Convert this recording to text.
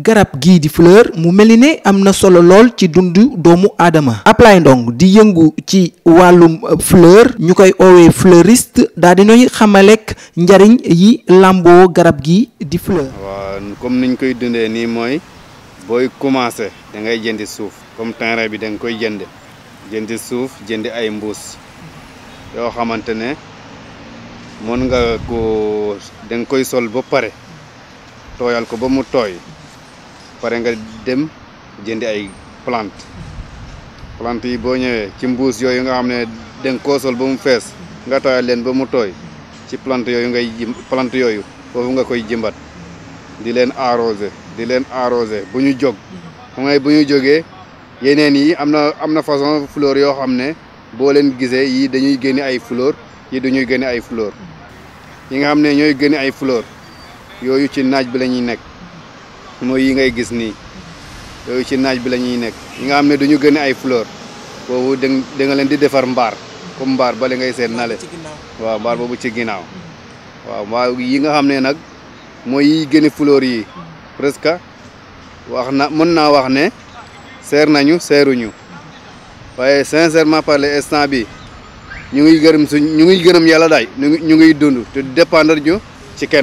garab gii di fleur mu mel ni ne am na solo lool ci dundu doomu aadama Ablaye Ndong di yëngu ci wàllum euh, fleur ñu koy oowee fleuriste daal dinañu xamalek njariñ yi làmboo garab gi di fleur waaw comme niñ koy dundee nii mooy booy commencé da ngay jëndi suuf comme terrain bi da nga koy jënd jëndi suuf jëndi ay mbuus yoo xamante ne mën nga ko da nga koy sol ba pare tooyal ko ba mu tooy pare nga dem jëndi ay plante plante yi boo ñëwee ci mbuus yooyu nga xam ne danga koosol ba mu fees nga taal leen ba mu tooy ci plante yooyu ngay ji plante yooyu foofu nga koy jëmbat di leen arrosé di leen arrosé bu ñu jóg xam bu ñu jógee yeneen yi am na am na façon fleur yoo xam ne boo leen gisee yii dañuy génne ay fleur yii dañuy génne ay fleur yi nga xam ne ñooy génne ay fleur yooyu ci naaj bi la ñuy nekk mooy yi ngay gis nii yooyu ci naaj bi lañuy nekk yi nga xam ne duñu gën ay fleur boobu da nga leen di defar mbaar comme mbaar bale ngay seen nale waaw mbaar boobu ci ginnaaw mm-hmm. waaw waaw yi nga xam ne nag mooy yi gën a fleur yi presque wax na mën naa wax ne seer nañu seeruñu waaye sincèrement par l'instant bi ñu ngi gërëm suñ ñu ngi gërëm yàlla daay ñu ñu ngiy dund te dépendre ñu ci kenn